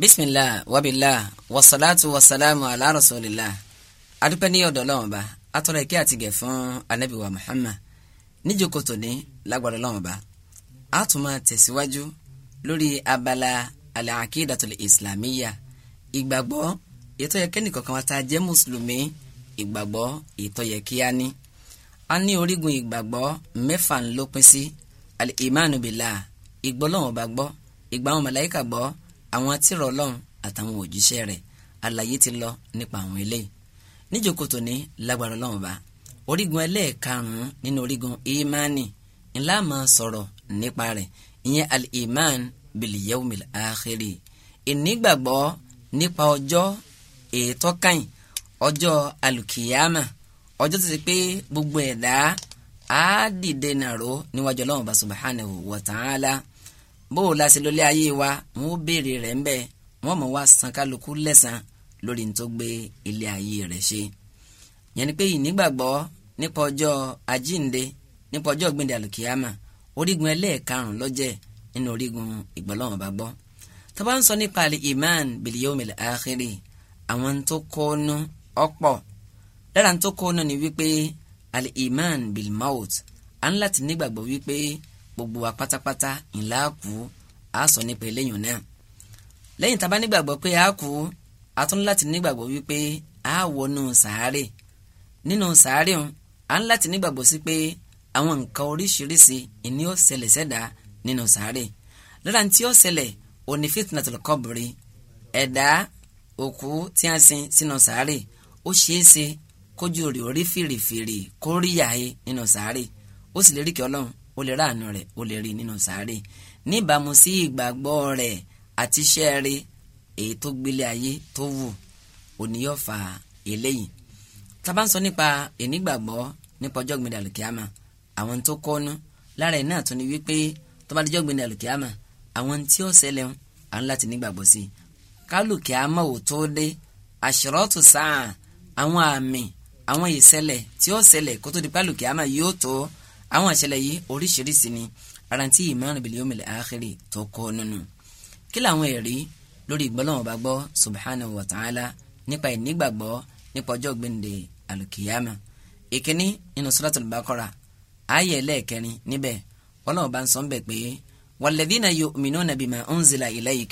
bisimilah wabilah wasalaatu wasalaamu ala rasulillah adúpẹ́ ní ọ̀dọ̀ Ọlọ́run ba atọrọ ìkẹ́ àti gẹ́ fún ànábì wa Muhammad níjókòtò ní lágbára Ọlọ́run ba a tún máa tẹ̀síwájú lórí abala alaakídàtúlẹ islamiyya ìgbàgbọ́ ètò yẹ kẹ́ni kankan wa ta jẹ́ mùsùlùmí ìgbàgbọ́ ètò yẹ kí a ní a ní orígun ìgbàgbọ́ mẹ́fà ńlọpin sí alimánu bìlà ìgbọlọwọn bá gbọ́ ìgbà àwọn màláíkà gbọ́ àwọn àtìrọ̀ ọlọ́run àtàwọn òjíṣẹ́ rẹ̀ àlàyé ti lọ nípa àwọn eléyìí níjókòó tòní lágbára ọlọ́run bá orígun ẹlẹ́ẹ̀karùn-ún nínú orígun ìmánì ńlá máa sọ̀rọ̀ nípa rẹ̀ ìyẹn al-iman bil-yawmil akhiri ìnígbàgbọ́ nípa ọjọ́ ètò kàn ọjọ́ alùkìyàmà ọjọ́ ti pé gbogbo ẹ̀dá á dìde nàró níwájú ọlọ́run bá subhanahu wa ta'ala bó o láti lọlé ayé wa wọn ó béèrè rẹ̀ ńbẹ wọn mọ̀ wá san kálukú lẹ́san lórí ní tó gbé ilé ayé rẹ̀ ṣe yẹn ni pé ìnígbàgbọ́ nípa ọjọ́ àjínde nípa ọjọ́ gbẹ̀ndẹ̀ àlùkìyàmà orígun ẹlẹ́ẹ̀karùn-ún nínú orígun ìgbọ́lọ́wọ́n bá gbọ́ tó ń sọ nípa iman bil yawmil akhiri àwọn tó kónú ọ̀pọ̀ lára tó kónú ni wípé àlè iman bil maut à ń láti nígbàgbọ́ wípé gbogbo wa pátápátá ńlá kú á sọ nípa eléyìí náà lẹ́yìn tá a bá nígbàgbọ́ pé a kú a tún láti nígbàgbọ́ wípé a wọnú sàárè nínú sàárè ń a ń láti nígbàgbọ́ sí pé àwọn nǹkan oríṣiríṣi ìní ó ṣẹlẹ̀ sẹ́dá nínú sàárè lára tí ó ṣẹlẹ̀ òní fitnatul qabri ẹ̀dá òkú tí a sin sínú sàárè ó ṣeéṣe kójú rè orí fìrìfìrì kó rí yàáyé nínú sàárè ó sì lérí kí ọlọ́run o lè ráàánú rẹ̀ o lè rí nínú sáré níbàámu sí ìgbàgbọ́ rẹ̀ àti iṣẹ́ rẹ̀ èyí tó gbélé ayé tó wù òníyàn fa eléyìí tábà ń sọ nípa ìnígbàgbọ́ nípa ọjọ́ gbẹ̀dẹ̀ àlùkìyàmà àwọn tó kọ́nu lára ẹ̀ náà tún ni wípé tó bá dijọ́ gbẹ̀dẹ̀ àlùkìyàmà àwọn tí ó ṣẹlẹ̀ à ń láti nígbàgbọ́ sí i kálùkìyàmà ò tó dé àṣírọ́tù sáà àwọn àmì àwọn ìṣẹ̀lẹ̀ tí ó ṣẹlẹ̀ kó tó di pálùkìyàmà yóò tó àwọn ìṣẹ̀lẹ̀ yìí oríṣiríṣi ni arantí ìmọ̀ràn bìlẹ̀ omìlẹ̀ àákìrì tó kọ́ nínú kí làwọn ẹ̀rí lórí ìgbọ́lọ́wọ́n bá gbọ́ subhanahu wa ta'ala nípa ìnígbàgbọ́ nípa ọjọ́ gbẹ̀ǹde alùkìyàmà ìkíní nínú suratul baqara ààyè ẹlẹ́ẹ̀kẹrin níbẹ̀ ọlọ́wọ́n bá ń sọ ń bẹ̀ pé walladhina yu'minuna bima unzila ilayk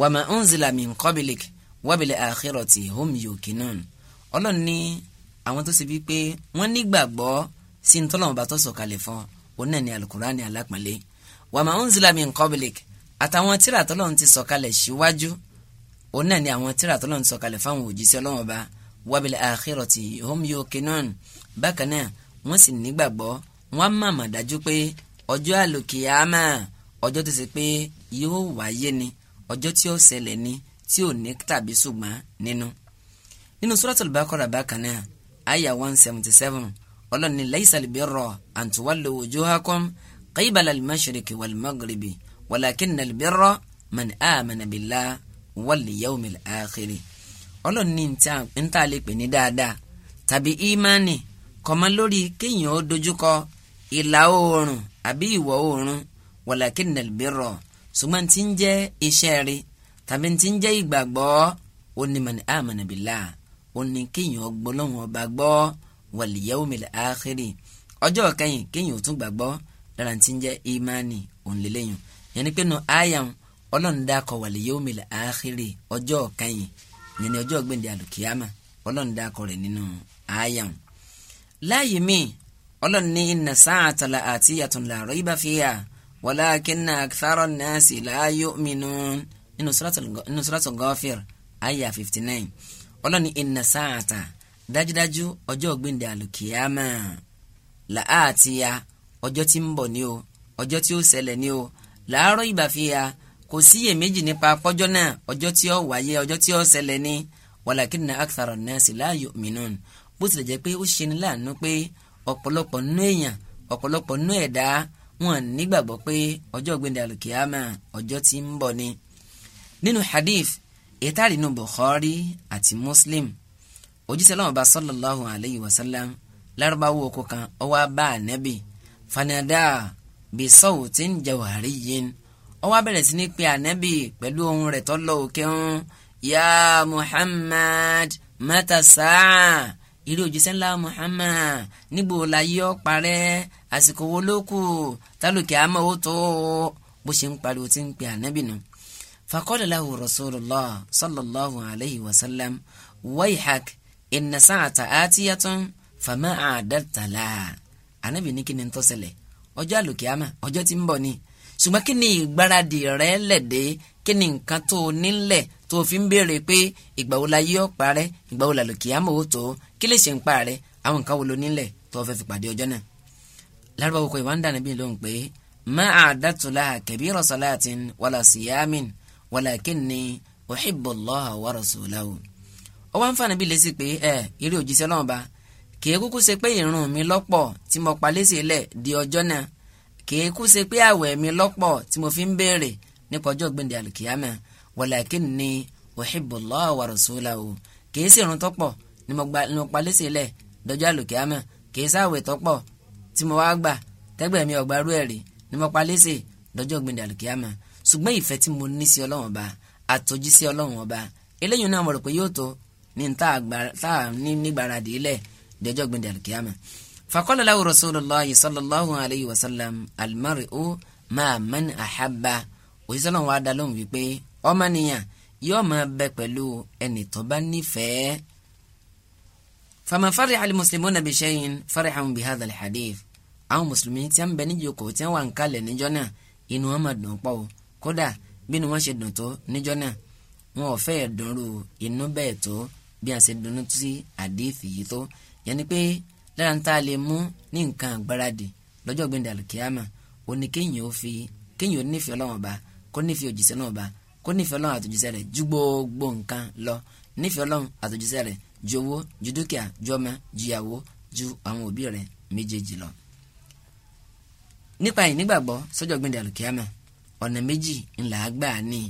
wa ma unzila min qablik wa bil akhirati hum yuqinun ọlọ́run ní àwọn tó ṣe bíi pé wọ́n nígbàgbọ́ sí ntọ́lọ́mọba tó sọ̀kalẹ̀ fún òun náà ní alukurani alápọ̀nlé wa ma unzila min qablik àtàwọn tíra tọ́lọ́run ti sọ̀kalẹ̀ síwájú òun náà ní àwọn tíra tọ́lọ́run ti sọ̀kalẹ̀ fáwọn òjíṣẹ́ ọlọ́mọba wa bil akhirati hum yuqinun bákan náà wọ́n sì nígbàgbọ́ wọ́n má mà dájú pé ọjọ́ àlòkìyàmà ọjọ́ tó ṣe pé yóò wáyé ni ọjọ́ tí ó ṣẹlẹ̀ ni tí ò ní tàbí ṣùgbọ́n nínú. nínú Suratul Baqara bákan náà àyà one seventy seven ọlọ́ni laisal birra an tuwallu wujuhakum qibala al-mashriqi wal-maghribi walakinna al-birra man amana billah wal-yawmil akhir ọlọ́ni níta lè pè ní dáadáa tàbí ìmánì kọ̀mọ́ lórí kéèyàn ó dojúkọ ìlà oòrùn àbí ìwọ̀ oòrùn walakinna al-birra ṣùgbọ́n tí ń jẹ́ iṣẹ́ rí tàbí tí ń jẹ́ ìgbàgbọ́ ó ní man amana ó ní kéèyàn ó gbọ́ ọba gbọ́ wal-yawmil akhiri ọjọ́ kẹyìn kéyìn ò tún gbàgbọ́ lára ti ń jẹ́ ìmánì òǹlẹ́lẹ́yìn yẹn ni pé nu àyàn ọlọ́run dákọ̀ wal-yawmil akhiri ọjọ́ kẹyìn yẹn ni ọjọ́ gbẹ̀ndẹ̀ àlùkìyàmà ọlọ́run dákọ̀ rẹ̀ nínú àyàn. láàyè míì ọlọ́run ní inna sa'ata la'atiyatun la rayba fiha walakinna akthara an-nasi la yu'minun nínú suratul Ghafir àyà 59 ọlọ́run ní inna dájúdájú ọjọ́ gbẹ̀ndẹ̀ àlùkìyàmà làáàtì ya ọjọ́ tí ń bọ̀ ni o ọjọ́ tí ó ṣẹlẹ̀ ni o làárọ̀ ìbàfíà kò méjì nípa pọ́jọ́ náà ọjọ́ tí ó wáyé ọjọ́ tí ó ṣẹlẹ̀ ni walakinna akthara an-nasi la yu'minun bó tilẹ̀ jẹ́ pé ó ṣeni láàánú pé ọ̀pọ̀lọpọ̀ nú èèyàn ọ̀pọ̀lọpọ̀ nú ẹ̀dá wọn nígbàgbọ́ pé ọjọ́ ọjọ́ tí ń bọ̀ ni nínú hadith ètàrínú òjíṣẹ́ lọ́wọ́ bá sallallahu alayhi wa sallam lárúbáwò oko kan ó wá bá ànábì fanadá bi sawtin jawariyyin ó wá bẹ̀rẹ̀ sí ní pe ànábì pẹ̀lú ohùn rẹ̀ tó lọ òkè ń ya Muhammad mata sáà ìrí òjíṣẹ́ ńlá Muhammad níbo láyé ó parẹ́ àsìkò wo ló kù tálùkì àmọ́ tó bó ṣe ń pariwo tí ń pe ànábì nù. faqala lahu rasulullah sallallahu alayhi wa sallam wayhak inna sa'ata atiyatun fama àdàtàlà ànábì ní kí ni tó ṣẹlẹ̀ ọjọ́ àlùkìyàmà ọjọ́ tí ń bọ̀ ni ṣùgbọ́n kí ni ìgbáradì rẹ lẹ̀dẹ́ kí ni nǹkan tó o nílẹ̀ tó o fi ń béèrè pé ìgbà wo la yí ọ parẹ́ ìgbà wo la lùkìyàmà ó tó kí lè ṣe ń pa rẹ àwọn nǹkan wo lo nílẹ̀ tó o fẹ́ fi pàdé ọjọ́ náà lárúbáwò kò ìwà ń dànù bí lóhùn pé má àdàtúlá kabira salatin wàlà síyámìn wàlàkínni uhibbu Allaha wa rasulahu ó wá ń fànàbí lésì pé ẹ eré òjíṣẹ́ Ọlọ́run ba kìí kúkú ṣe pé ìrun mi lọ́pọ̀ tí mo pa lésì lẹ̀ di ọjọ́ náà kìí kú ṣe pé àwẹ̀ mi lọ́pọ̀ tí mo fi ń béèrè nípa ọjọ́ gbẹ̀ndẹ̀ àlùkìyàmẹ́ walakinni uhibbullaha wa rasulahu kìí sí ìrun tọ́pọ̀ ni mo pa lésì lẹ̀ dọjọ́ àlùkìyàmẹ́ kìí sáwẹ̀ tọ́pọ̀ tí mo wá gbà tẹ́gbẹ̀ẹ́ mi ọ̀gbà rú ẹ̀rí ni mo pa lésì dọjọ́ gbẹ̀ndẹ̀ àlùkìyàmẹ́ ṣùgbọ́n ìfẹ́ tí mo ní sí Ọlọ́run ọba àtọ́jú sí Ọlọ́run ọba eléyìí náà mo rò pé yóò tó ní táà ní nígbàradì ilẹ̀ dẹjọ́ gbẹ̀dẹ̀ alikiyama. faqala lahu rasulullahi sallallahu alayhi wa sallam almar'u ma'a man ahabba òṣìṣẹ́ náà wàá dalóhùn wípé ọmọnìyàn yóò máa bẹ pẹ̀lú ẹni tó bá nífẹ̀ẹ́. faman fariha al-muslimuna bi shay'in farihu bi hadha al-hadith àwọn mùsùlùmí tí wọ́n bẹ níjókòó tí wọ́n wà ń kalẹ̀ níjọ́ náà inú wọn máa dùn pọ̀ kódà bí ni ṣe dùn tó níjọ́ náà wọn ò fẹ́ dùnrú inú bẹ́ẹ̀ tó bí a ṣe dunnú sí àdéhìí yìí tó yẹn ni pé lára ń tá a lè mú ní nǹkan àgbáradì lọ́jọ́ gbẹ̀ndẹ̀ àlùkìyàmà ó ní kéèyàn ó fi kéèyàn ó nífẹ̀ẹ́ Ọlọ́run ọba kó nífẹ̀ẹ́ òjíṣẹ́ náà ọba kó nífẹ̀ẹ́ Ọlọ́run àtòjíṣẹ́ rẹ̀ ju gbogbo nǹkan lọ nífẹ̀ẹ́ Ọlọ́run àtòjíṣẹ́ rẹ̀ ju owó ju dúkìá ju ọmọ ju ìyàwó ju àwọn òbí rẹ̀ méjèèjì lọ. nípa ìnígbàgbọ́ sọ́jọ́ gbẹ̀ndẹ̀ àlùkìyàmà ọ̀nà méjì ńlá gbà ní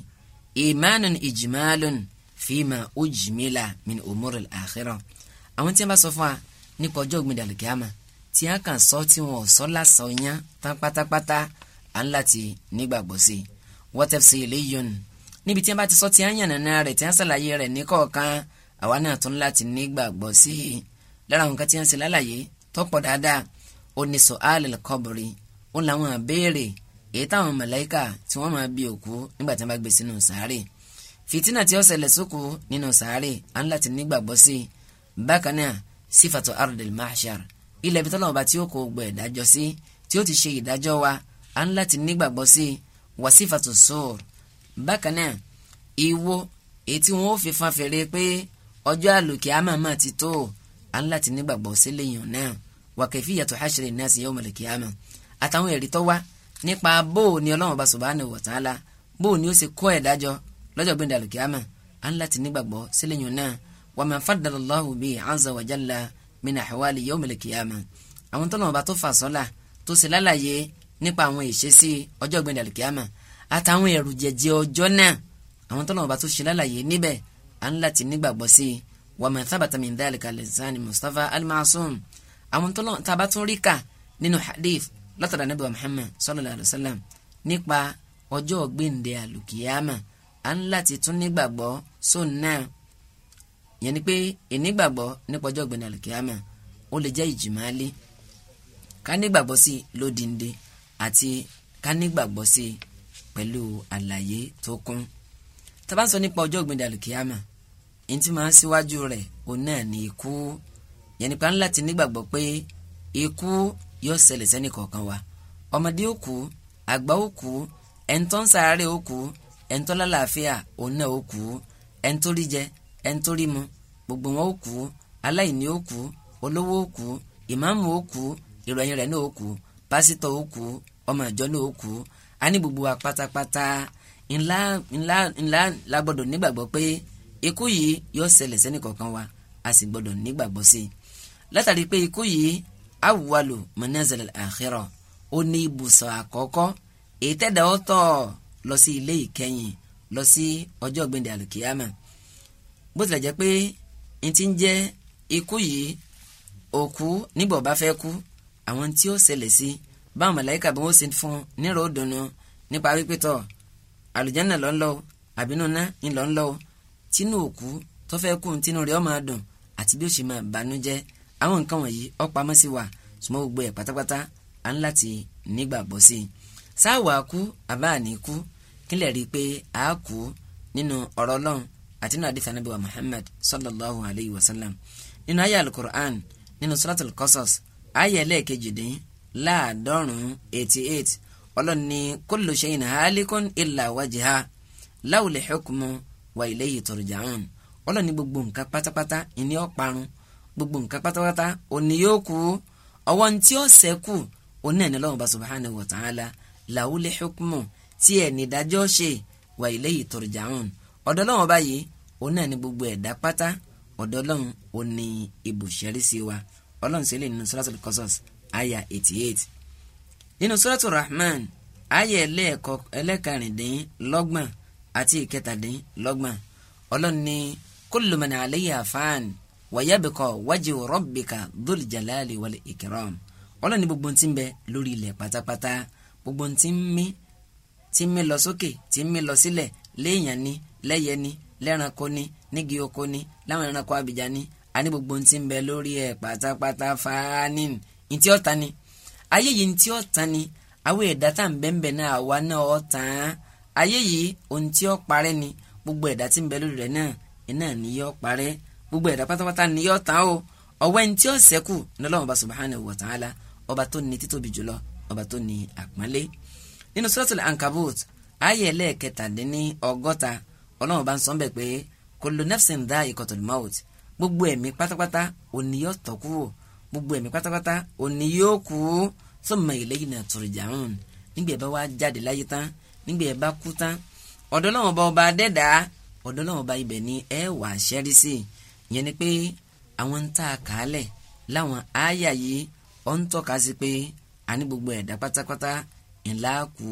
ìmánun ìjìmálun Fima ujmila min umuril akhirah àwọn tí wọ́n bá sọ fún wa nípa ọjọ́ ògbìn dàlùkìámà tí wọ́n kàn sọ tí wọ́n sọ lásán yán tán pátápátá à ń láti nígbàgbọ́ sí i wọ́n tẹ́ sí ilé yọ̀nù níbi tí wọ́n bá ti sọ tí wọ́n yàn nàná rẹ̀ tí wọ́n sàlàyé rẹ̀ ní kọ̀ọ̀kan àwa náà tún láti nígbàgbọ́ sí i lára àwọn kan tí wọ́n ṣe lálàyé tọ́pọ̀ dáadáa ó ní sọ àlẹ́ kọ́bùrì ó làwọn àbẹ́ẹ̀rẹ̀ èyí táwọn màláíkà tí wọ́n máa bí òkú nígbà tí wọ́n bá gbé sínú sàárè Fitina tí ó ṣẹlẹ̀ sóko nínú sàárè à ń láti nígbàgbọ́ sí i ardil mahshar ilẹ̀ ibi tọ́lọ́mọba tí ó kó gbọ́ ìdájọ́ sí tí ó ti ṣe ìdájọ́ wa à ń láti nígbàgbọ́ sí i wà sífàtọ̀ sóòr bákan náà ìwo ètí wọn ó fi fan fèrè pé ọjọ́ àlòkè àmàmà ti tó à ń láti nígbàgbọ́ sí lẹ́yìn náà yàtọ̀ hashiri náà sí yawmal qiyamah àtàwọn ẹ̀rí tó nípa bóò ni Ọlọ́run bá subhanahu wa ta'ala bóò ni ó ṣe kó ẹ̀dájọ́ lọ́jọ́ gbẹ̀ndẹ̀ alùkìyàmà à ń láti nígbàgbọ́ sílẹ̀yìn náà wa man faddala Allahu bi azza wa jalla min ahwali yawmil qiyamah àwọn tọ́lọ̀ ọba tó fà sọ́là tó ṣe lálàyé nípa àwọn ìṣesí ọjọ́ gbẹ̀ndẹ̀ alùkìyàmà àtàwọn ẹ̀rù jẹ̀jẹ̀ ọjọ́ náà àwọn tọ́lọ̀ ọba tó ṣe lálàyé níbẹ̀ à ń láti nígbàgbọ́ sí wa man thabata nípa ọjọ́ gbẹ̀ndẹ̀ alùkìyàmà à ń láti tún nígbàgbọ́ sóun náà yẹn ni pé ìnígbàgbọ́ nípa ọjọ́ ìgbẹ̀nà àlùkìyàmà ó lè jẹ́ ìjìmáálé ká nígbàgbọ́ sí i lódìndé àti ká nígbàgbọ́ sí i pẹ̀lú àlàyé tó kún tá bá ń sọ nípa ọjọ́ ìgbẹ̀nà àlùkìyàmà èyí tí máa ń síwájú rẹ̀ òun náà ni ikú yẹn ni pé à ń láti nígbàgbọ́ pé ikú yóò ṣẹlẹ̀ sẹ́nì wa ọmọdé ó kú àgbà ó kú ẹ̀ńtọ́nsáárẹ̀ ó kú ẹ̀ńtọ́ lálàáfíà òun náà ó kú ẹ̀ńtọ́ rí jẹ ẹ̀ńtọ́ rí mu gbogbo wọn ó kú aláìní ó kú olówó ó kú ìmáàmù ó kú ìròyìn rẹ̀ náà ó kú pásítọ̀ ó kú ọmọ ìjọ náà ó kú a gbogbo wa pátápátá ńlá ńlá ńlá la gbọ́dọ̀ nígbàgbọ́ pé ikú yìí yóò ṣẹlẹ̀ sẹ́ni kọ̀ọ̀kan wa a sì gbọ́dọ̀ nígbàgbọ́ sí i látàrí pé ikú yìí awùwalò manazal al ó ní ibùsọ̀ àkọ́kọ́ èyí tẹ́dà lọ sí ilé ìkẹyìn lọ sí ọjọ́ gbẹ̀ndẹ̀ àlùkìyàmà bó tilẹ̀ jẹ́ pé n ti ń jẹ́ ikú yìí òkú nígbà bá fẹ́ kú àwọn tí ó ṣẹlẹ̀ sí báwọn màláíkà bí wọ́n ṣe fún nírò dùnú nípa wípé tọ̀ àlùjánnà ló ń lọ àbínú ná ń lọ ń lọ tínú òkú tó fẹ́ kú tínú rẹ̀ ó máa dùn àti bí ó ṣe máa bànújẹ́ àwọn nǹkan wọ̀nyí ó pamọ́ sí wa sùmọ́ gbogbo ẹ̀ pátápátá à ń láti nígbàgbọ́ sí i sáà wàá kú àbáà ní kú kílẹ̀ rí i pé a kú nínú ọ̀rọ̀ ọlọ́run àti nínú àdìsá nàbí wa Muhammad sallallahu alayhi wa sallam nínú ayé al-Qur'an nínú suratul Qasas ayé ẹlẹ́ẹ̀kejì dín láàdọ́rùn-ún eighty eight ọlọ́run ní kullu shay'in halikun illa wajha lawul hukmu wa ilayhi turja'un ọlọ́run ní gbogbo nǹkan pátápátá ìní ọ̀parun gbogbo nǹkan pátápátá òní yóò kú ọwọ́n tí ó ṣẹ́kù oní ẹ̀ ní wa ta'ala lawul hukmu tí ẹ̀ nídájọ́ ṣe wà ilé yìí turja'un ọ̀dọ̀ Ọlọ́run báyìí òun náà ni gbogbo ẹ̀dá pátá ọ̀dọ̀ Ọlọ́run ò ní ibùsẹ̀rí sí wa Ọlọ́run sílẹ̀ nínú Suratul Qasas àyà eight, nínú Suratul Rahman àyà ẹlẹ́ẹ̀kẹrìndínlọ́gbọ̀n àti ìkẹtàdínlọ́gbọ̀n Ọlọ́run ní kullu man alayha fan wa yabqa wajhu rabbika dhul jalali wal ikram Ọlọ́run ní gbogbo ohun tí ń bẹ lórí ilẹ̀ pátápátá gbogbo ohun tí ń mí tí ń mí lọ sókè tí ń mí lọ sílẹ̀ léèyàn ni lẹ́yẹ ni lẹ́ranko ni nígi oko ni láwọn ẹranko abìjà ni àní gbogbo ń ti ń bẹ lórí ẹ̀ pátápátá fáánìn ntí ọ̀tá ni ayé yìí ntí ọ̀tá ni àwọn ẹ̀dá tá à ń bẹ́ńbẹ́ náà àwa náà ọ̀tán ayé yìí ohun tí ó parẹ́ ni gbogbo ẹ̀dá tí ń bẹ lórí rẹ̀ náà iná ni yó parẹ́ gbogbo ẹ̀dá pátápátá ni yó tán o ọ̀wẹ́ ntí ó ṣẹ́kù ní Ọlọ́run Ọba subhanahu wa ta'ala ọba tó ní títóbi jùlọ ọba tó ní àpọ́nlé nínú suratul ankabut ayé ẹlẹ́ẹ̀kẹtàdínní ọgọ́ta ọlọ́run bá ń sọ bẹ́ẹ̀ pé kullu nafsin dha'iqatul maut gbogbo ẹ̀mí pátápátá òní yóò tọ́ kúrò gbogbo ẹ̀mí pátápátá òní yóò kú summa ilayna turja'un nígbà ẹ bá wá jáde láyé tán nígbà ẹ bá kú tán ọ̀dọ̀ Ọlọ́run ọba ọba dẹ́dàá ọ̀dọ̀ Ọlọ́run ọba ibẹ̀ ni ẹ wà ṣẹ́rí sí i ìyẹn ni pé àwọn ń tà ńlá kú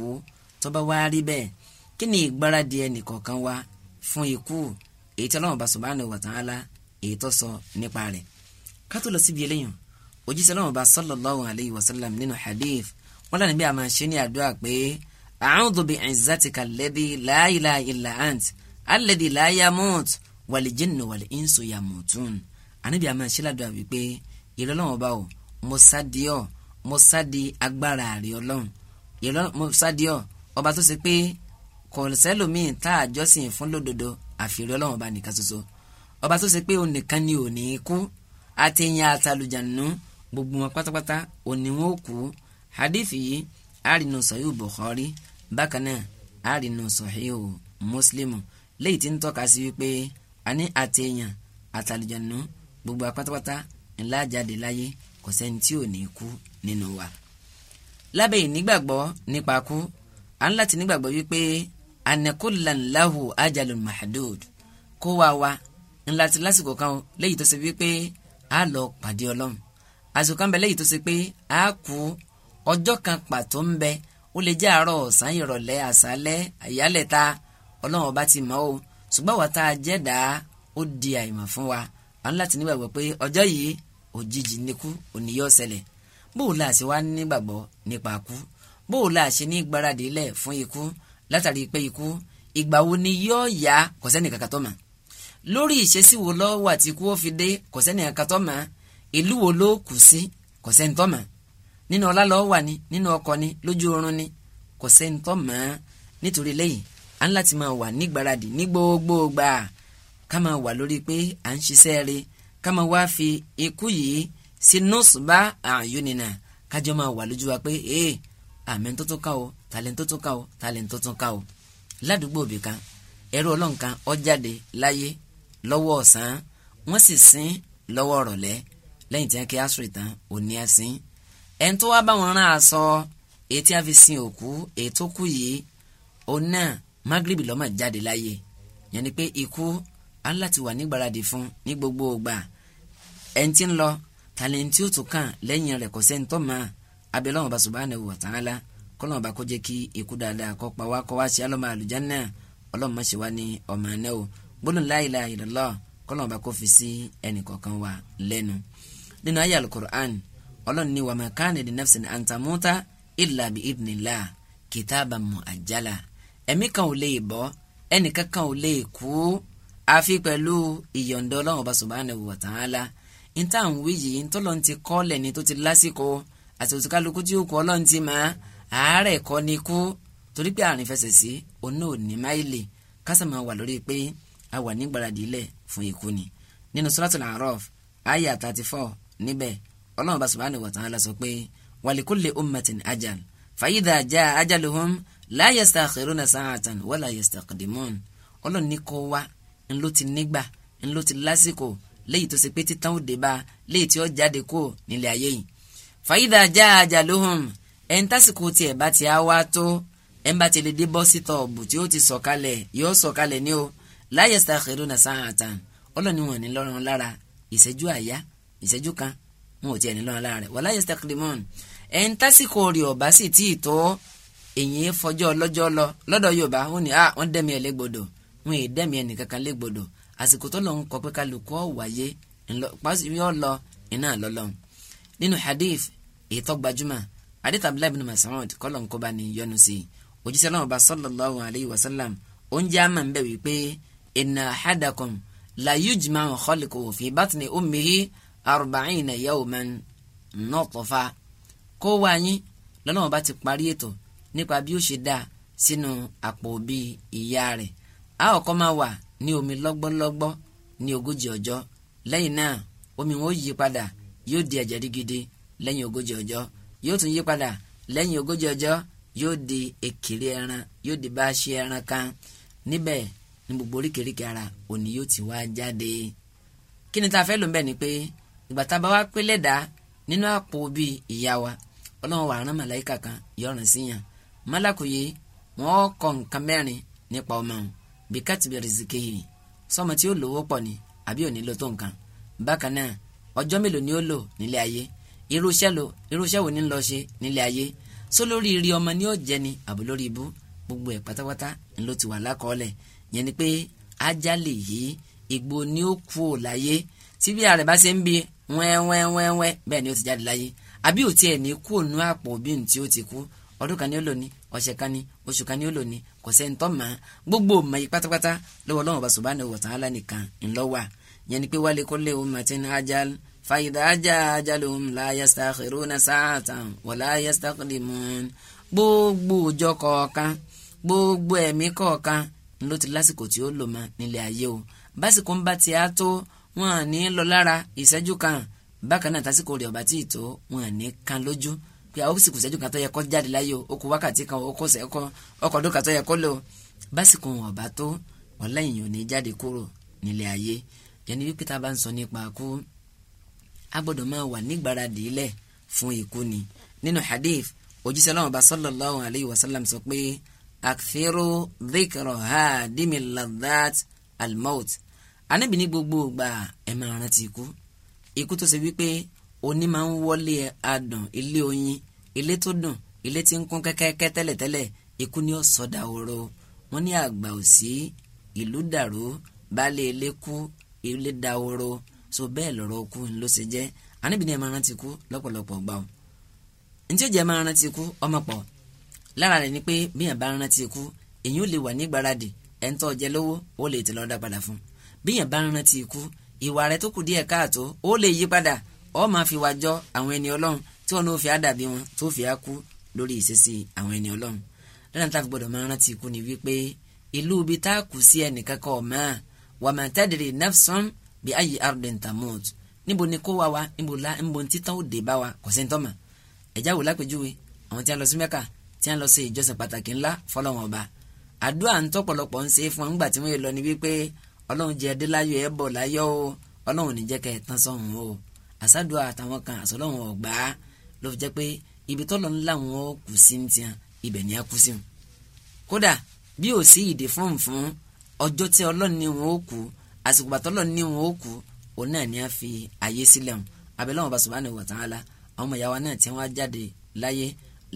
tó bá wá rí bẹ́ẹ̀ kí ni ìgbáradì ẹnìkọ̀ọ̀kan wa fún ikú èyí tí Ọlọ́run bá subhanahu wa ta'ala èyí tó sọ nípa rẹ̀ ká tó lọ síbi eléyàn òjíṣẹ́ Ọlọ́run bá sallallahu alayhi wa sallam nínú hadith wọn lànà bí a máa ṣe ní àdúrà pé a'udhu bi'izzatika alladhi la ilaha illa ant alladhi la yamut wal jinnu wal insu yamutun ànábì a máa ṣe ládùúrà wípé ìrọ̀lọ́wọ́n bá o mo sá di agbára àrí irọ́ mo sáde ọ ọba tó ṣe pé kò sẹ́lòmíì tá a jọ́sìn fún lódodo àfìrí ọlọ́run ọba nìkan ṣoṣo ọba tó ṣe pé òun nìkan ni ò ní í kú àtẹ̀yìn àtàlùjànú gbogbo wọn pátápátá òní wọn ò kú hadithi yìí àrínú sọ̀híù Bukhari bákan náà àrínú sọ̀híù Muslimu léyìí tí ń tọ́ka sí wípé àní àtẹ̀yìn àtàlùjànú gbogbo apátápátá ńlá jáde láyé kò sẹ́ni tí ò ní í kú nínú wa lábẹ́ ìnígbàgbọ́ nípa kú à ń láti nígbàgbọ́ wípé anakulanlahu ajalun mahdud kó wa wa ńlá ti lásìkò kan o léyìí tó ṣe wípé a lọ pàdé ọlọ́run àsìkò kan bẹ léyìí tó ṣe pé a kú ọjọ́ kan pàtó ń bẹ ó lè jẹ́ àárọ̀ ọ̀sán ìrọ̀lẹ́ àṣálẹ́ àyálẹ̀ta ọlọ́run ọba ti mọ̀ o ṣùgbọ́n wàtá jẹ́dàá ó di àìmọ̀ fún wa à ń láti nígbàgbọ́ pé ọjọ́ yìí òjijì níkú òní yóò ṣẹlẹ̀ bóò la nígbàgbọ́ nípa kú bó o la ṣe ní gbáradì lẹ̀ fún ikú látàrí pé ikú ìgbà wo ni yóò yá kò sẹ́ni kankan tó mọ̀ lórí ìṣesí wo ló wà tí ikú ó fi dé kò sẹ́ni kankan ìlú wo ló kù sí kò sẹ́ni tó nínú ọlá ló wà ní nínú ọkọ̀ ni lójú oorun ni kò sẹ́ni tó mọ̀ nítorí lẹ́yìn à ń láti máa wà ní gbáradì ní gbogbo gbà ká máa wà lórí pé à ń ṣiṣẹ́ rẹ̀ ká máa wá fi ikú yìí sínú ṣùgbọ́n àyùnìnà kájọ máa wà lójú wa pé ee àmì tó tún ká o tàlẹ́ tó tún ká o tàlẹ́ tó tún ká o ládùúgbò òbí kan ẹrú ọlọ́run kan ó jáde láyé lọ́wọ́ ọ̀sán wọ́n sì sin lọ́wọ́ ọ̀rọ̀lẹ́ lẹ́yìn tí wọ́n kí aṣọ ìtàn òní ẹ̀sìn ẹni tó wá bá wọn rán aṣọ èyí a fi sin òkú èyí kú yìí òun náà magrebi lọ́mọ jáde láyé yẹn ni pé ikú aláti wà nígbáradì fún ní gbogbo ògbà ẹni tí ń lọ tàlẹ́ǹtì ó tún kàn lẹ́yìn rẹ̀ kò sẹ́ni tó máa abẹ́lẹ́wọ̀n bá subhanahu wa ta'ala kọ́lọ́n bá kó jẹ́ kí ikú dáadáa kọ́ pa wá kọ́ wá sí alọ́mọ àlùjáná ọlọ́mọ ṣe wá ní ọmọ àná o gbólóhùn la ilaha illallah kọ́lọ́n bá fi sí ẹnì kọ̀ọ̀kan wa lẹ́nu. nínú ayé alukur'an ọlọ́run ní wàmà káàní di nafsin antamuta illa bi idnillah kitaaba mu'ajjala ẹ̀mí kan ò lè bọ́ ẹnì kankan ò lè kú àfi pẹ̀lú ìyọ̀ǹda ọlọ́run bá subhanahu wa ta'ala níta àwọn wí yìí ntọ́lọ́ ti kọ́ lẹ́ni tó ti lásìkò àti òtúkálukú tí ó kọ́ ọlọ́run ti mọ̀ àárẹ̀ kọ́ ni kú torí pé àrùn ìfẹsẹ̀ sí oná òní máìlì kásà máa wà lórí pé a wà ní gbàràdì ilẹ̀ fún ikú ni nínú Suratul A'raf àyà thirty four níbẹ̀ ọlọ́run bá subhanahu wa ta'ala sọ pé walikulli ummatin ajal fa idha jaa ajaluhum la yastakhiruna sa'atan wala yastaqdimun ọlọ́run ní kó wá ńlọ ti nígbà ńlọ ti lásìkò léyìí tó ṣe pé títàn ó dé bá léyìí tí ó jáde kó nílé ayé yìí. fàyídà já ajá lóhùn ẹni tásìkò tiẹ̀ bá ti á wá tó ẹni bá ti lè dé bọ́sì tọ̀ọ̀bù tí ó ti sọ̀kalẹ̀ yóò sọ̀kalẹ̀ ní o láyé sàkérò nà sáhàn àtàn ọlọ́ni wọn ní lọ́rùn lára ìṣẹ́jú àyá ìṣẹ́jú kan wọn ò tiẹ̀ ní lọ́rùn lára rẹ̀ wọ́n láyé sàkérìmọ́n ẹni tásìkò rẹ̀ ọ̀bá sì tí ì tó èyí fọjọ́ lọ́jọ́ lọ lọ́dọ̀ Yorùbá wọn ni ah wọ́n dẹ́mi ẹ̀ légbodò wọn ì dẹ́mi ẹ̀ nìkankan àsìkò tó lọ́n kọ́ pé kálukú ọ̀wáyé yọ lọ iná lọ́lọ́n nínú hadith èyí tó gbajúmọ̀ hadith abdullahi bin Mas'ud kọ́lọ́n kọ́ba ni yọnu sí òjíṣẹ́ náà bá sallallahu alayhi wa sallam oúnjẹ àmà ń bẹ̀ wípé inna ahadakum la yujma'u khalquhu fi batni ummihi arba'ina yawman nutfa kó wá yín lọ́nà ti parí ètò nípa bí ó ṣe dáa sínú àpò òbí ìyá rẹ̀ a ọkọ máa wà ní omi lọ́gbọ́lọ́gbọ́ ní ogójì ọjọ́ lẹ́yìn náà omi wọn ó yí padà yóò di ẹ̀jẹ̀ rígidì lẹ́yìn ogójì ọjọ́ yóò tún yí padà lẹ́yìn ogójì ọjọ́ yóò di èkìrí ẹran yóò di báṣẹ ẹran kan níbẹ̀ ní gbogbo oríkèéríkèé ara òní yóò ti wá jáde kí ni tá a fẹ́ lò ń ni pé ìgbà tá a bá wá pé lẹ́dàá nínú àpò bíi ìyá wa ọlọ́run wàá rán màláìkà kan yọ̀ràn síyàn málákòye wọ́n kọ nǹkan mẹ́rin nípa ọmọ òun bí kátìbí rìzìkìhì sọmọ tí ó lówó pọ̀ ni àbí ò ní lò tó nǹkan bákan náà ọjọ́ mélòó ni ó lò nílé ayé irúṣẹ́ lò irúṣẹ́ wo ni ń lọ ṣe nílé ayé só lórí rí ọmọ ni ó jẹ ni àbò lórí ibú gbogbo ẹ̀ pátápátá ń ló ti wà lákọọ́lẹ̀ yẹn ni pé ajálè yìí ìgbò ni ó kú ò láyé tí bí ààrẹ bá ṣe ń bi wẹ́ẹ́wẹ́ẹ́wẹ́ bẹ́ẹ̀ ni ó ti jáde láyé àbí ò tiẹ̀ ní kú ònú àpò òbí ní ó ti kú ọdún kan ni ó lò ní ọ̀sẹ̀ kan ni oṣù kan ni ó lò ní kò sẹ́ni tó mọ̀ gbogbo mọ̀ yìí pátápátá lọ́wọ́ Ọlọ́run Ọba subhanahu wa ta'ala nìkan ńlọ́wà yẹn ni pé wálé kọ́lé ummatin ajal fàyídà ajá ajaluhum la yastakhiruna sa'atan wala yastaqdimun gbogbo ọjọ́ kọ̀ọ̀kan gbogbo ẹ̀mí kọ̀ọ̀kan ló ti lásìkò tí ó lò mọ́ nílé ayé o básìkò ń bá ti á tó wọn à ní lọ lára ìṣẹ́jú kan bákan náà tásìkò rẹ̀ ọ̀bá tí ì tó wọn à ní kan lójú pé àwọn òsìkò ìṣẹ́jú kan tó yẹ kó jáde láyò okùn wákàtí kan okùn sẹ́kọ́ ọkọ̀ ọdún kan tó yẹ kó lò básìkò wọn ọ̀bá tó ọ̀la èèyàn ní jáde kúrò nílé ayé yẹn ni wípé tá a bá ń sọ nípa kú a gbọ́dọ̀ máa wà nígbàradì ilẹ̀ fún ikú ni nínú hadith òjíṣẹ́ Ọlọ́run bá sallallahu alayhi wa sallam sọ pé akthiru dhikra hadimi ladhat almaut anábì ní gbogbo gbà ẹ máa rántí ikú ikú tó ṣe wípé oní máa ń wọlé adùn ilé oyin ilé tó dùn ilé tí ń kún kẹ́kẹ́kẹ́ tẹ́lẹ̀tẹ́lẹ̀ ikú ni ó sọdà oró wọn ní àgbà òsì ìlú dàrú baálé ilé kú ilé da oró so bẹ́ẹ̀ lọ́rọ̀ kú ló ṣe jẹ́ àníbi ni ẹ máa rántí kú lọ́pọ̀lọpọ̀ gbà ó ntí jẹ́ máa rántí kú ọmọ pọ̀ lára rẹ̀ ni pé bí yàn bá rántí kú èyí ò lè wà ní ìgbáradì ẹ̀ ń lówó ó lè ti lọ́ọ́ dá padà fún bí yàn bá rántí kú ìwà rẹ̀ tó kù díẹ̀ káàtó ó lè yí padà ọ máa fi wájọ àwọn ẹni ọlọ́run tí wọn náà fi àdàbí wọn tó fi á kú lórí ìṣesí àwọn ẹni ọlọ́run lẹ́yìn tá a fi gbọ́dọ̀ máa rántí ikú ni wípé ìlú ibi tá a kù sí ẹnìkan kọ́ ọ̀mọ́ wà máa tẹ́lẹ̀ nafsan bí ayé arden tamut níbo ni kó wa wa níbo la níbo ní títàn òde bá wa kò sí ní tọ́mà ẹ̀já wò lápèjúwe àwọn tí a lọ sí mẹ́kà tí a lọ sí ìjọsìn pàtàkì ńlá fọlọ́wọn ọba àdúrà ń tọ́pọ̀lọpọ̀ ń ṣe fún wọn tí wọ́n yẹ lọ ni wípé ọlọ́run jẹ́ adé ẹ̀ bọ̀ láyọ̀ ọlọ́run ò ní jẹ́ kẹ́ ẹ̀ tán sọ́hun o àsádùá àtàwọn kan àsọlọ́wọn ọ̀gbà ló fi jẹ́ pé ibi tọ́lọ̀ ńlá wọn kù sí ní tiẹ̀ ibẹ̀ ni a kú sí wọn. kódà bí ò sí ìdè fún ọjọ́ tí ọlọ́run ní wọn ó kú àsìkò bàtọ́ ọlọ́run wọn ó kú òun náà ni a fi àyè sílẹ̀ wọn abẹ́lẹ́wọ̀n bá subhanahu wa ta'ala àwọn ọmọ ìyàwó náà tí wọ́n á jáde láyé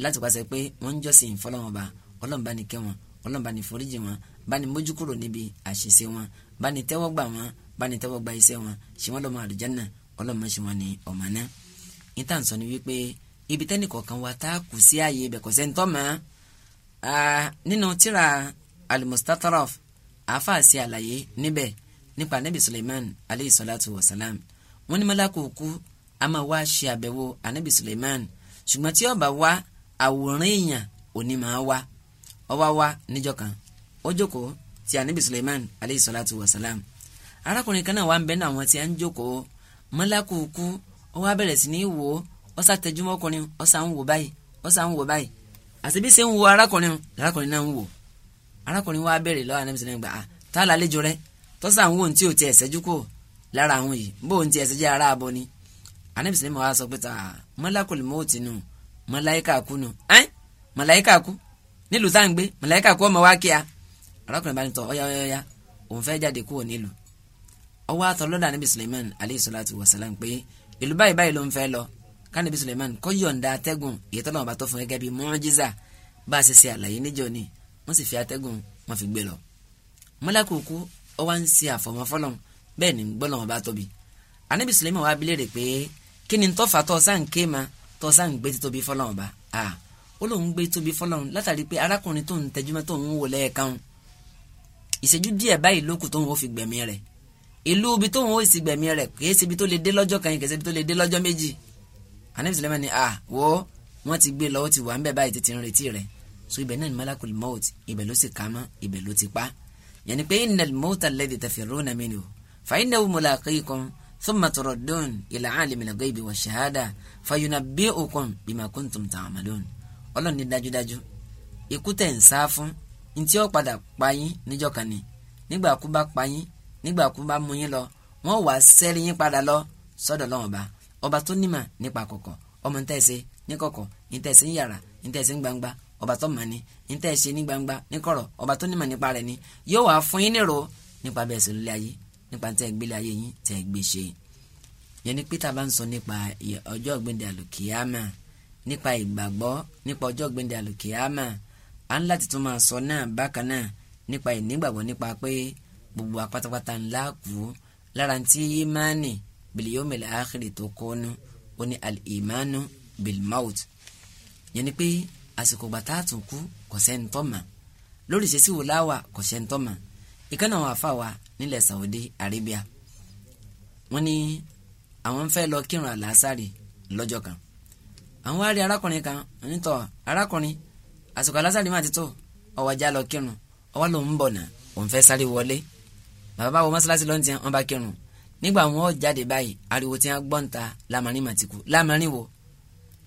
láti pàṣẹ pé wọ́n ń jọ́sìn fọlọ́wọn ba ọlọ́run bá ní kẹ́ wọn ọlọ́run bá ní ọlọ́mọṣẹ́ wọn ni ọmọ náà níta ń sọ ni wípé ibi tẹ́nì kọ̀ọ̀kan wa tá a kù sí ààyè ibẹ̀ kò sẹ́ńtọ́ mọ́ nínú tíra alimustataraf àáfàá sí níbẹ̀ nípa anabi suleiman aleyhi salatu wa salam wọn ni mọ́lákò kú a máa wá ṣe àbẹ̀wò anabi suleiman ṣùgbọ́n tí ó bá wá àwòrán èèyàn òní máa wá ó wá wá kan ó jókòó ti anabi suleiman aleyhi salatu wa salam arákùnrin kan náà wà ń bẹ́ẹ̀ náà wọ́n ti ń jókòó mọ́lákù kú ó wá bẹ̀rẹ̀ sí ní wò ó ó sá tẹjúmọ́ ọkùnrin ó sá ń wò báyìí ó sá ń wò báyìí àti bí ṣe ń wo arákùnrin arákùnrin náà ń wò arákùnrin wa bẹ̀rẹ̀ lọ́wọ́ anamísẹ́ náà gbà á tá a lálejò rẹ tọ́sà ń wò ní tí ò ti ẹ̀sẹ́jú kò lára àwọn yìí bó ń ti ẹ̀sẹ́jú ara àbọ̀ ni anamísẹ́ náà wá sọ pé ta mọ́lákùnrin mọ́ òtí nù ọwọ́ àtọ̀lọ́dà níbi Suleiman aleyhi salatu wa salam pé ìlú báyìí báyìí ló ń fẹ́ lọ kánibí Suleiman kó yọ̀ǹda atẹ́gùn èyí tọ́lọ́ bá tó fún gẹ́gẹ́ bí mọ́jíza bá a ṣe ṣe àlàyé níjọ ni wọ́n sì fi atẹ́gùn wọn fi gbé lọ. mọ́lákùkù ó wá ń ṣe àfọ̀mọ́ fọlọ́n bẹ́ẹ̀ ni gbọ́dọ̀ wọn bá tóbi. àníbi Suleiman wá abilé rẹ̀ pé kí ni tọ́fà tọ́ ìṣẹ́jú díẹ̀ báyìí lókù tó ń wò fi gbẹ̀mí rẹ̀ ìlú ibi tóun ó sì gbẹ̀mí rẹ̀ kìí ṣe ibi tó lè dé lọ́jọ́ kan yìí kìí ṣe ibi tó lè dé lọ́jọ́ méjì anabi sulaiman ni ah wo wọ́n ti gbé lọ́wọ́ ti wà ń bẹ̀ báyìí tètè ń retí rẹ̀ so ibẹ̀ náà ni malakul maut ibẹ̀ ló sì kàmá ibẹ̀ ló ti pa yẹnni pé innal mauta alladhi tafirruna minhu fa innahu mulaqikum thumma turaddun ila alimil ghaibi wa shahada fayunabbi'ukum bima kuntum ta'malun ọlọ́run ní dájúdájú ikú tẹ̀ ń sá fún ntí ó padà pa yín níjọ́ kan ni nígbà kú bá pa yín nígbà kú bá mú yín lọ wọ́n wá sẹ́rí yín padà lọ sọ́dọ̀ lọ́wọ́n ba ọba tó nímà nípa kọ̀kọ̀ ọmọ ntẹ́sẹ níkọ̀kọ̀ ntẹ́sẹ ń yàrá ntẹ́sẹ ń gbangba ọba tó mà ní ntẹ́sẹ ní gbangba níkọ̀rọ̀ ọba tó nímà nípa rẹ̀ ni yóò wá fún yín nírò nípa bẹ́ẹ̀ sọ lórí ayé nípa ntẹ́ gbélé ayé yín tẹ́ gbé ṣe. yẹn ni Peter bá ń sọ nípa ọjọ́ gbẹ̀ndẹ̀ àlùkìyàmà nípa ìgbàgbọ́ nípa ọjọ́ gbẹ̀ndẹ̀ àlùkìyàmà à ń láti tún máa sọ náà bákan náà nípa ìnígbàgbọ́ nípa pé gbogbo apátápátá ńlá kú lára tí ìmánì bil yawmil akhiri tó kọ́nu ó ní al-imanu bil maut yẹn ni pé àsìkò gbàtà àtúnkù kò sẹ́ni tó mà lórí ìṣesí wò láwà kò sẹ́ni tó mà ìkànnì àwọn afa wa nílẹ̀ Saudi Arabia wọ́n ní àwọn ń fẹ́ lọ kírun àlàásàrì lọ́jọ́ kan àwọn wá rí arákùnrin kan onítọ̀ arákùnrin àsìkò àlàásàrì máa ti tó ó wá lọ kírun ó wá ń bọ̀ náà òun fẹ́ sáré wọlé bàbá wo mọ́sálásí lọ́n ti wọn bá kírun nígbà wọn ò jáde báyìí ariwo tí wọn gbọ́n ta lamarin mà ti kú lamarin wo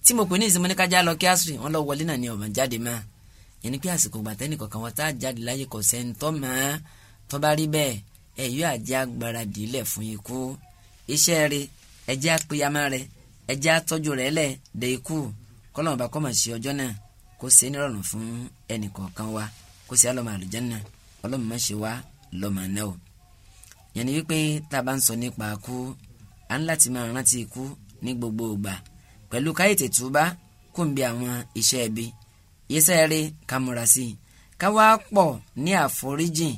tí mo pè ní ìsinmi kájá lọ kí asùn wọn lọ wọlé náà ni ọmọ jáde mọ́ yẹn ni pé àsìkò gbàtẹ́nì kọ̀ọ̀kan wọn tá a jáde láyé kò sẹ́ńtọ́ mọ́ tó bá rí bẹ́ẹ̀ ẹ yóò àjẹ́ agbáradì lẹ̀ fún ikú iṣẹ́ rẹ̀ ẹ jẹ́ àpéyàmá rẹ̀ ẹ jẹ́ lẹ̀ dé ikú kọ́lọ́mù lọ́mọ àlùjánnà ọlọ́mọ má yẹnni wípé tá a bá ń sọ nípa ikú à ń láti máa rántí ikú ní gbogbo ìgbà pẹ̀lú káyọ̀tẹ̀ túbá kò ń bi àwọn iṣẹ́ ẹbí iṣẹ́ rẹ ká múra sí i ká wá pọ̀ ní àforíjìn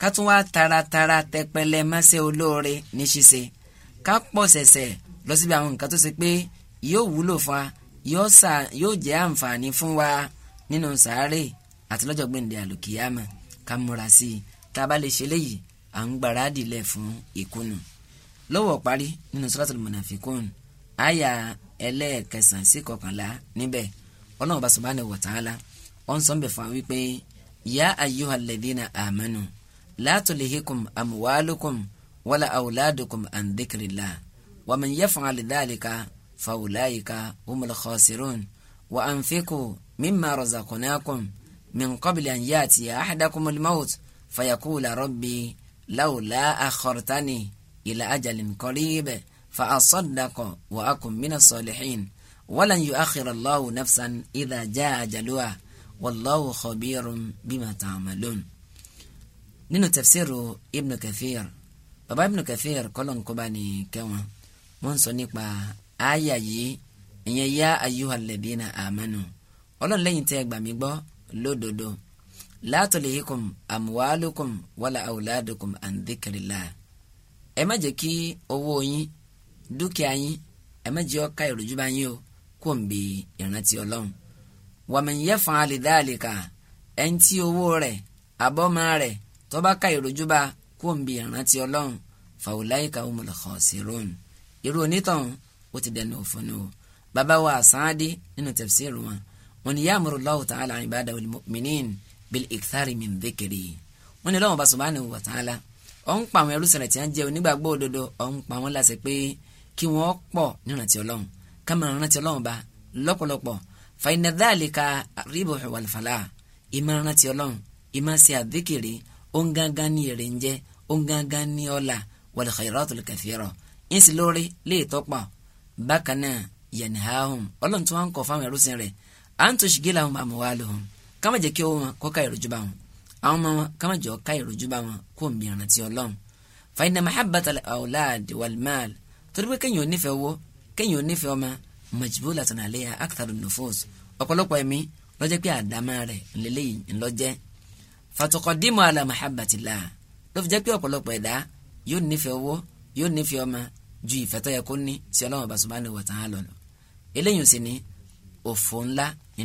ká tún wá taratara tẹpẹlẹ mọ́sẹ́ olóore ní ṣíṣe ká pọ̀ sẹ̀sẹ̀ lọ síbi àwọn nǹkan tó ṣe pé yóò wúlò fún wa yóò sà yóò jẹ́ àǹfààní fún wa nínú sàárè àti lọ́jọ́ gbẹ̀ǹdẹ̀ àlùkìyàmọ̀ ká múra sí i tá a bá lè ṣe léyìí à ń gbáradì lẹ̀ fún ìkùnà lọ́wọ́ parí nínú suratul munafikun àyà ẹlẹ́ẹ̀kẹsàn-án sí kọkànlá níbẹ̀ ọlọ́run bá subhanahu wa ta'ala ó ń sọ bẹ̀ fún wa wípé ya ayyuhal ladhina amanu la tulhikum amwalukum wala awladukum an dhikrillah wa man yaf'al dhalika fa ulaika humul khasirun wa anfiqu mimma razaqnakum min qabli an ya'tiya ahadakumul mawt fayaqula rabbi láwùlá àkọrìtánì ìlà ajalin qarib fa asaddaqa wa akun mina salihin walan yu'akhkhira Allahu nafsan idha jaa ajaluha wallahu khabirun bima ta'malun. nínú tafsiru ibnu kathir baba ibnu kathir kọlọ̀nkọba ni kẹwọn wọ́n sọ nípa àyà yìí ìyẹn yá ayyuhal ladina amanu ọlọ́run lẹ́yìn tẹ́ ẹ gbà mí Lo la tulihikum amwalukum wala auladukum an dhikrillah ẹ má jẹ́ kí owó yín dúkìá yín ẹ má jẹ́ ó ká ìròjú bá yín o kó ń bi ìrántí ọlọ́run wa man yaf'al dhalika ẹni tí owó rẹ̀ abọ́mọ rẹ̀ tó bá ká ìròjú bá kó ń bi ìrántí ọlọ́run fa ulaika humul irú onítàn ó ti dẹnu òfin o bàbá wa nínú tafsir wọn wọn ni ya'muru Allahu ta'ala ibadahu al-mu'minin bil ikthari min dhikri wọ́n ní Ọlọ́hun Ọba subhanahu wa ta'ala ó ń pa àwọn ẹrú sẹ̀rẹ̀ tí wọ́n jẹ́ onígbàgbọ́ òdodo ó ń pa wọ́n láṣẹ pé kí wọ́n pọ̀ ní ìrántí Ọlọ́hun ká máa rántí Ọlọ́hun Ọba lọ́pọ̀lọpọ̀ fa inna dhalika ar-ribhu wal falah ìmọ̀ rántí Ọlọ́hun ìmọ̀ sí àdìkìrì ó ń gángan ní èrè ń jẹ́ ó ń gángan ní ọ̀la wal khairatul kathira ìsì lórí léètọ́ pọ̀ bákan náà yanhahum Ọlọ́hun tó wá ń kọ̀ fáwọn ẹrú à ń tó ṣìgílà hum kama má jẹ́ kí owó wọn kọ́ ká ìrújú bá wọn àwọn ọmọ wọn ká jọ ká ìrújú bá wọn kó omi ìrántí ọlọ́run fa inna mahabbatal awlad wal mal torí pé kéèyàn ò nífẹ̀ẹ́ owó kéèyàn ò nífẹ̀ẹ́ ọmọ majbulatan alayha aktharun nufus ọ̀pọ̀lọpọ̀ ẹ̀mí lọ́jẹ́ pé àdámá rẹ̀ ńlẹ́lẹ́yìn ńlọ́jẹ́ fatuqaddimu ala mahabbatillah ló fi jẹ́ pé ọ̀pọ̀lọpọ̀ ẹ̀dá yóò nífẹ̀ẹ́ owó yóò nífẹ̀ẹ́ ọmọ ju ìfẹ́ tó yẹ kó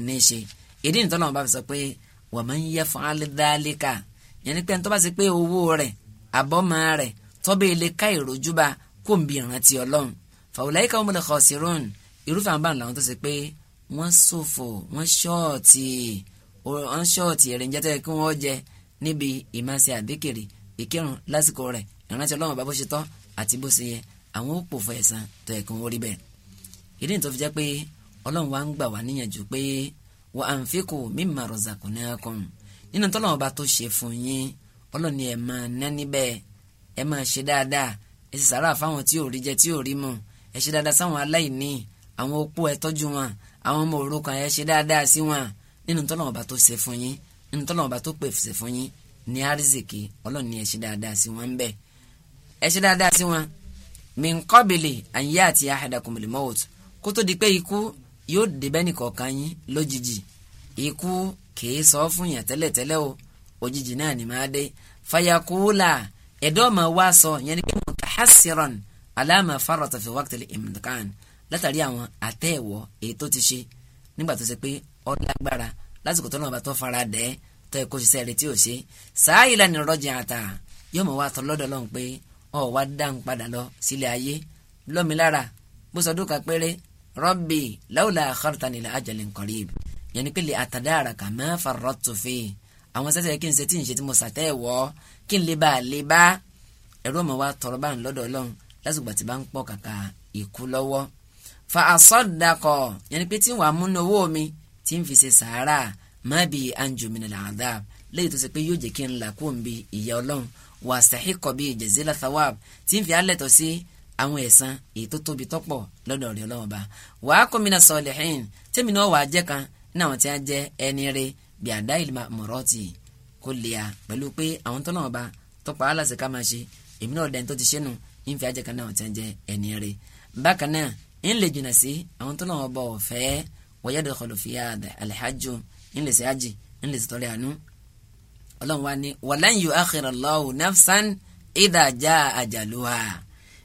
ní sí ìdí nìtọ́ náà bá fi sọ pé wa man yaf'al dhalika yẹn ni pé tó bá ṣe pé owó rẹ̀ àbọ́mọ rẹ̀ tọ́bẹ̀ ilé ká ìròjúba kó ń bi ìrántí ọlọ́run fa ulaika humul khasirun irúfẹ́ àwọn báwọn làwọn tó ṣe pé wọ́n ṣòfò wọ́n ṣọ́ọ̀tì wọ́n ṣọ́ọ̀tì ìrìnjẹ́ tó yẹ kí wọ́n jẹ níbi ìmáṣe àdékèrè ìkírun lásìkò rẹ̀ ìrántí ọlọ́run bá bó ṣe tọ́ àti bó ṣe yẹ àwọn ó pò fún ẹ̀san tó yẹ kí bẹ́ẹ̀ ìdí nìtọ́ fi jẹ́ pé ọlọ́run wa ń gbà wá níyànjú pé wa anfiqu mimma razaqnakum nínú tọ́lọ́wọ́n bá tó ṣe fún yín ọlọ́ni ẹ̀ máa ná níbẹ̀ ẹ̀ máa ṣe dáadáa ẹ̀ sì sàrà fáwọn tí ò rí jẹ tí ò rí mu ẹ̀ ṣe dáadáa sáwọn aláìní àwọn opó ẹ̀ tọ́jú wọn àwọn ọmọ òrukàn ẹ̀ ṣe dáadáa sí wọn nínú tọ́lọ́wọ́n bá tó ṣe fún yín nínú tọ́lọ́wọ́n bá tó pèsè fún yín ní àrísìkí ọlọ́ni ẹ̀ ṣe dáadáa sí wọn bẹ́ẹ̀ ẹ̀ ṣe dáadáa sí wọn min qabili an ya'tiya ahadakumul yóò débẹ́ nìkọ̀ọ̀kan yín lójijì ikú kìí sọ fún yàn tẹ́lẹ̀tẹ́lẹ̀ o òjijì náà ni máa dé fayakula ẹ̀dọ́ máa wá sọ yẹn ni pé mutahasiran alama farata fi waqtil imtikan látàrí àwọn àtẹ̀wọ̀ èyí tó ti ṣe nígbà tó ṣe pé ó lágbára lásìkò tó náà bá tó fara dẹ́ tó ẹ̀kọ́ ṣiṣẹ́ rẹ̀ tí ò ṣe sa'ila ni rọ́jà àtà yóò mọ̀ wá tọ́ lọ́dọ̀ lọ́hùn pé ọ̀ wá dáhùn padà lọ sílé ayé lọ́mi bó sọdún kan péré rọ́bì lawla akhartani ila ajalin qarib yẹn ni pé lè atadaraka ma farrattu fi àwọn sẹ́sẹ́ kí n ṣe tí n ṣe tí mo sàtẹ́ wọ́ kí n lè bá a lè bá ẹ̀rọ ọmọ wa tọrọ bá ń lọ́dọ̀ ọlọ́run lásìkò àti bá ń pọ̀ kàkà ìkú lọ́wọ́ fa àsọdàkọ̀ yẹn ni pé tí wàá múnú owó mi tí n fi ṣe sàárà má bi anju min al-adab lẹ́yìn tó ṣe pé yóò jẹ́ kí n là kó n ọlọ́run wà sàhíkọ̀ bíi jazila thawab tí n fi alẹ́tọ̀ sí àwọn ẹ̀san èyí tó tóbi tọ́pọ̀ lọ́dọ̀ rẹ̀ ọlọ́wọ́n ba wàá kún mi náà sọ̀lẹ̀hìn tèmi náà wàá jẹ́ kan ní àwọn tí wọ́n jẹ́ ẹni rẹ̀ bí àdá ìlú mọ̀rọ́tì kò lè a pẹ̀lú pé àwọn tó náà ba tọ́pọ̀ aláṣẹ ká máa ṣe èmi náà dẹni tó ti ṣẹ́nu ìfẹ́ ajẹ́ kan náà tí wọ́n jẹ́ ẹni rẹ̀ bákan náà ń lè jìnnà sí àwọn tó náà bọ̀ fẹ́ wọ́yẹ́ dọ̀kọ̀lù fi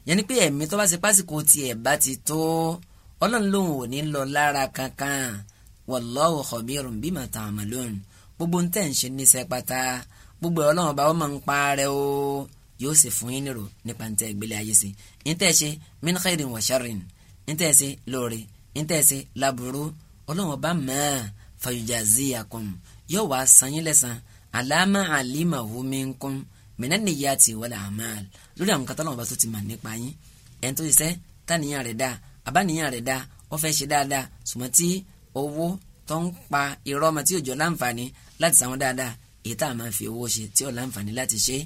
yẹnni pé ẹ̀mí tó bá ṣe pásìkò tiẹ̀ bá ti tó ọlọ́run lòun ò ní lọ lára kankan wallahu khabirun bima ta'malun gbogbo ń tẹ̀ ń ṣe níṣẹ́ pátá gbogbo ọlọ́run bá wọ́n máa ń parẹ́ o yóò sì fún yín nírò nípa ń tẹ́ ìgbélé ayé sí ń tẹ́ ṣe min khairin ń tẹ́ ṣe lóore ń tẹ́ ṣe láburú ọlọ́run bá máa fayujaziyakum yóò wá san yín lẹ́san alama alimahu minkum minanniyati wal a'mal lórí àwọn kàtà lọ́wọ́ bá tó ti mà nípa yín ẹni tó ṣiṣẹ́ tàníyàn rẹ̀ dáa àbáníyàn rẹ̀ dáa ó fẹ́ ṣe dáadáa ṣùgbọ́n tí owó tó ń pa irọ́ ọmọ tí òjò láǹfààní láti sàwọn dáadáa èyí tá a máa fi owó ṣe tí ò láǹfààní láti ṣe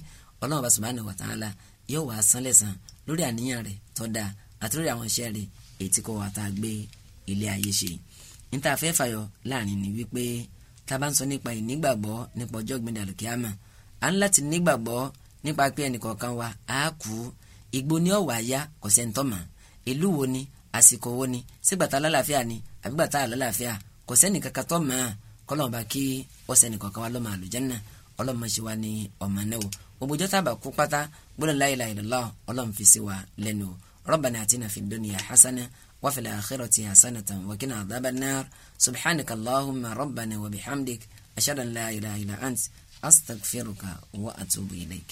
ọlọ́run bá subhanahu wa ta'ala yóò wá san lẹ́san lórí àníyàn rẹ̀ tó dáa àti lórí àwọn iṣẹ́ rẹ̀ èyí tí kò wá tá a gbé ilé ayé ṣe níta fẹ́ fàyọ láàrin ni wípé tá a bá ń sọ nípa ìnígbàgbọ́ nípa ọjọ́ gbẹ̀dẹ̀ à ń láti nígbàgbọ́ nípa pé ẹnìkọ̀ọ̀kan wa á kú igbó ní ọ̀wà ayá kò sẹ́ńtọ́mà ìlú wo ni àsìkò wo ni sígbàtà alálàáfíà ni àbígbàtà alálàáfíà kò sẹ́ni kankan tọ́ mọ́ kọ́lọ́mọba kí ọ̀sẹ̀ nìkọ̀ọ̀kan wa lọ́mọ àlùjánnà ọlọ́mọ ṣe wa ní ọmọ náà o gbogbo jọ́tà bá kú pátá gbọ́dọ̀ la ilaha illallah ọlọ́run fi sí wa lẹ́nu o rabbana atina fid dunya hasana wa fil akhirati hasanatan wa qina adhaban nar subhanaka allahumma rabbana wa bihamdik ashhadu an la ant astaghfiruka wa atubu ilayk.